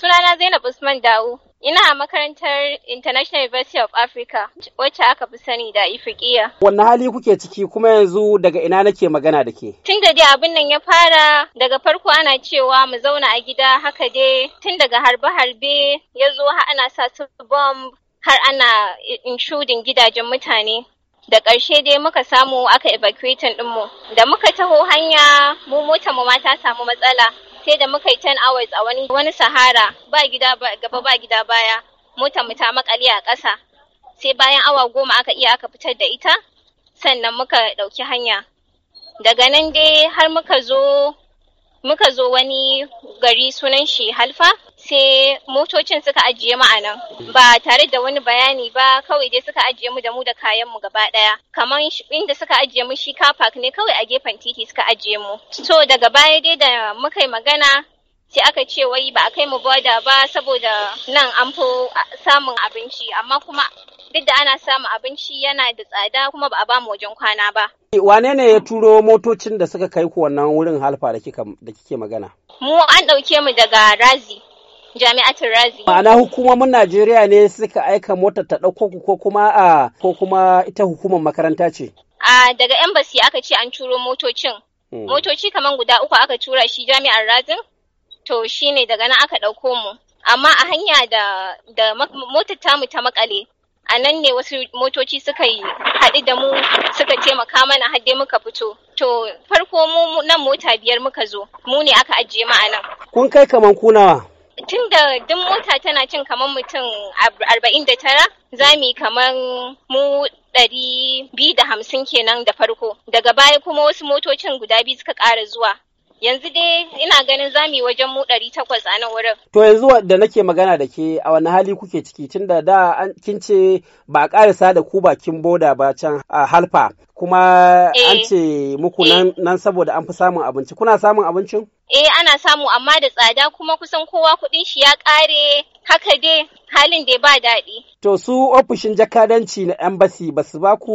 sunana Zainab Usman Dawo. Ina a makarantar International University of Africa wacce aka fi sani da Ifriqiya. Wanne hali kuke ciki kuma yanzu daga ina nake magana da ke? Tun da dai abin nan ya fara daga farko ana cewa mu zauna a gida haka dai tun daga harbe-harbe ya zo ana sa su bomb har ana intruding gidajen mutane. da ƙarshe dai muka samu aka evacuating ɗinmu da muka taho hanya mu mota mu ma ta samu matsala sai da muka yi 10 hours a wani wani sahara ba gida gaba ba gida baya mota mu ta maƙale a ƙasa sai bayan awa goma aka iya aka fitar da ita sannan muka ɗauki hanya daga nan dai har muka zo muka zo wani gari sunan shi halfa sai motocin suka ajiye mu a nan ba tare da wani bayani ba kawai dai suka ajiye mu da mu da kayan mu gaba daya kamar inda suka ajiye mu shi car park ne kawai a gefen titi suka ajiye mu so daga baya dai da muka yi magana sai aka ce wai ba a kai mu boda ba saboda nan an fi samun abinci amma kuma duk da ana samun abinci yana da tsada kuma ba a ba mu wajen kwana ba. Wane ne ya turo motocin da suka kai ku wannan wurin halfa da kike magana? Mu an ɗauke mu daga Razi jami'atin razi ma'ana hukumomin najeriya ne suka aika motar ta ɗauko ku ko kuma a ko kuma ita hukumar makaranta ce a daga embassy aka ce an turo motocin hmm. motoci kamar guda uku aka tura shi jami'ar razin to shi ne daga nan aka ɗauko mu amma a hanya da da motar tamu ta makale a nan ne wasu motoci suka yi haɗu da mu suka taimaka mana har dai muka fito to farko mu nan mota biyar muka zo mu ne aka ajiye mu kun kai kamar kunawa da duk mota tana cin kamar mutum arba'in da tara za mu yi kamar mu ɗari biyu da hamsin kenan da farko daga baya kuma wasu motocin guda biyu suka ƙara zuwa yanzu dai ina ganin zami wajen mu ɗari takwas a nan wurin. To yanzu da nake magana da ke a wani hali kuke ciki tun da da kin ce ba a ƙarisa da ku bakin boda ba can a halfa kuma eh. an ce muku eh. nan saboda an fi samun abinci kuna samun abincin? Eh ana samu amma da tsada kuma kusan kowa kuɗin shi ya ƙare haka dai halin dai ba daɗi. To su ofishin jakadanci na embassy ba su ba ku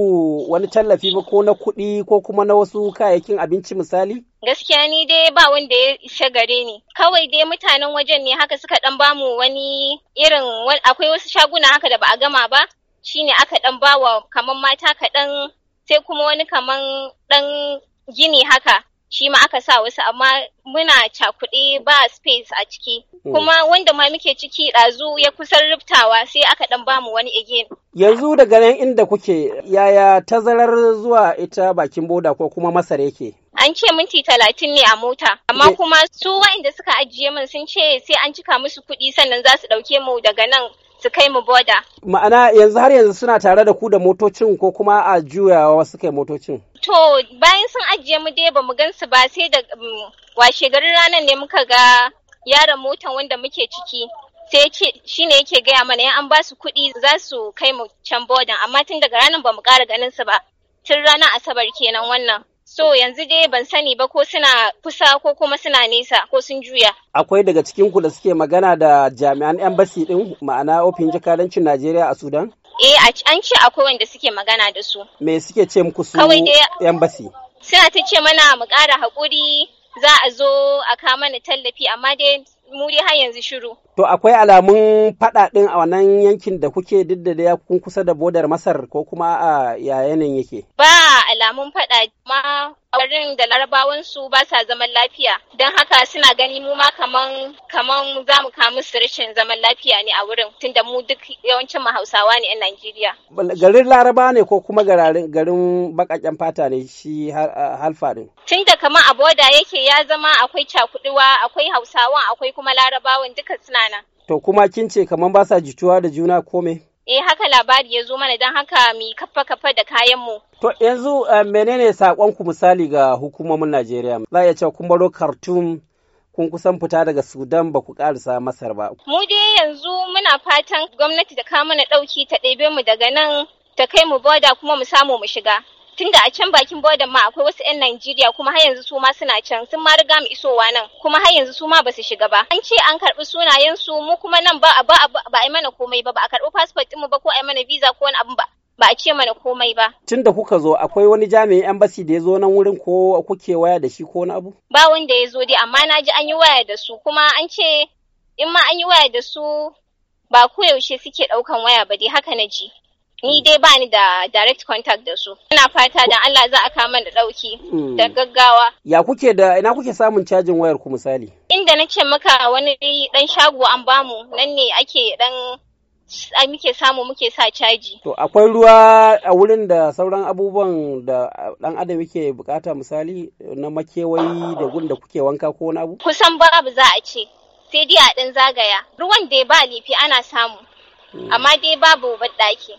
wani tallafi ba ko na kuɗi ko kuma na wasu kayayyakin abinci misali? Gaskiya ni dai ba wanda ya isa gare ni. Kawai dai mutanen wajen ne haka suka ɗan bamu wani irin akwai wasu shaguna haka da ba a gama ba. Shine aka ɗan bawa kaman mata kaɗan sai kuma wani kaman ɗan gini haka shi ma aka sa wasu amma muna cakuɗe ba space a ciki hmm. kuma wanda ma muke ciki ɗazu ya kusan riftawa sai aka ɗan bamu wani again yanzu daga nan inda kuke yaya tazarar zuwa ita bakin boda ko kuma masar yake an ce minti talatin ne a mota amma kuma su wa'inda suka ajiye min sun ce sai an cika musu kuɗi sannan za su ɗauke mu daga nan su kai mu boda. Ma'ana yanzu har yanzu suna tare da ku da motocin ko kuma a juyawa su kai motocin? To bayan sun ajiye mu dai mu gan su ba sai da mm, washe garin ranar ne muka ga yaron motan wanda muke ciki. sai shi ne yake gaya mana yan an ba su kuɗi za su kai mu can bodan amma tun daga ranar ba mu ƙara ganin su ba tun ranar asabar kenan wannan So yanzu dai ban sani ba ko suna kusa ko kuma suna nesa ko sun juya. Akwai daga cikin ku da suke magana da jami'an embassy din ma'ana ofin jakadancin Najeriya a Sudan? Eh an ce akwai wanda suke magana da su. Me suke ce muku su embassy? Suna ta ce mana mu ƙara haƙuri za a zo a kama mana tallafi amma dai mu dai har yanzu shiru. To akwai alamun faɗa ɗin a wannan yankin da kuke diddada kun kusa da bodar Masar ko kuma a ya yake? Ba alamun fada ma garin da larabawan su ba sa zaman lafiya don haka suna gani mu ma kaman kaman za mu kamu su rashin zaman lafiya ne a wurin tunda mu duk yawancin mu Hausawa ne yan Najeriya. Garin Laraba ne ko kuma garin bakaken fata ne shi halfa din. Tunda kaman a boda yake ya zama akwai cakuduwa akwai hausawa akwai kuma larabawan duka suna nan. To kuma kin ce kamar ba sa jituwa da juna ko Eh haka labari ya zo mana don haka mu kafa kafa da kayan mu. To yanzu eh, menene sakon ku misali ga hukumomin Najeriya? Za a iya cewa kun baro Khartoum kun kusan fita daga Sudan ba ku karisa Masar ba. Mu dai yanzu muna fatan gwamnati ta ka mana ɗauki ta ɗebe mu daga nan ta kai mu boda kuma mu samu mu shiga. tunda a can bakin bodan ma akwai wasu 'yan Najeriya kuma har yanzu su ma suna can sun ma riga mu isowa nan kuma har yanzu su ma basu shiga ba an ce an karbi sunayen su mu kuma nan ba ba ba a mana komai ba ba a karbi passport din mu ba ko a mana visa ko wani abu ba ba a ce mana komai ba. Tun da kuka zo akwai wani jami'in embassy da ya zo nan wurin ko kuke waya da shi ko wani abu? Ba wanda ya zo dai amma na ji an yi waya da su kuma an ce in ma an yi waya da su ba yaushe suke ɗaukan waya ba dai haka na ji. ni dai ba ni da direct contact da su ina fata da Allah za a kama da dauki hmm. da gaggawa ya kuke da ina kuke samun cajin wayar ku misali inda nake maka wani dan shago an bamu nan ne ake dan muke samu muke sa caji. To akwai ruwa a wurin da sauran abubuwan da dan adam yake bukata misali na makewayi da gun da kuke wanka ko wani abu? Kusan babu za a ce sai dai a ɗin zagaya. Ruwan dai ba lifi ana samu hmm. amma dai babu baɗaki.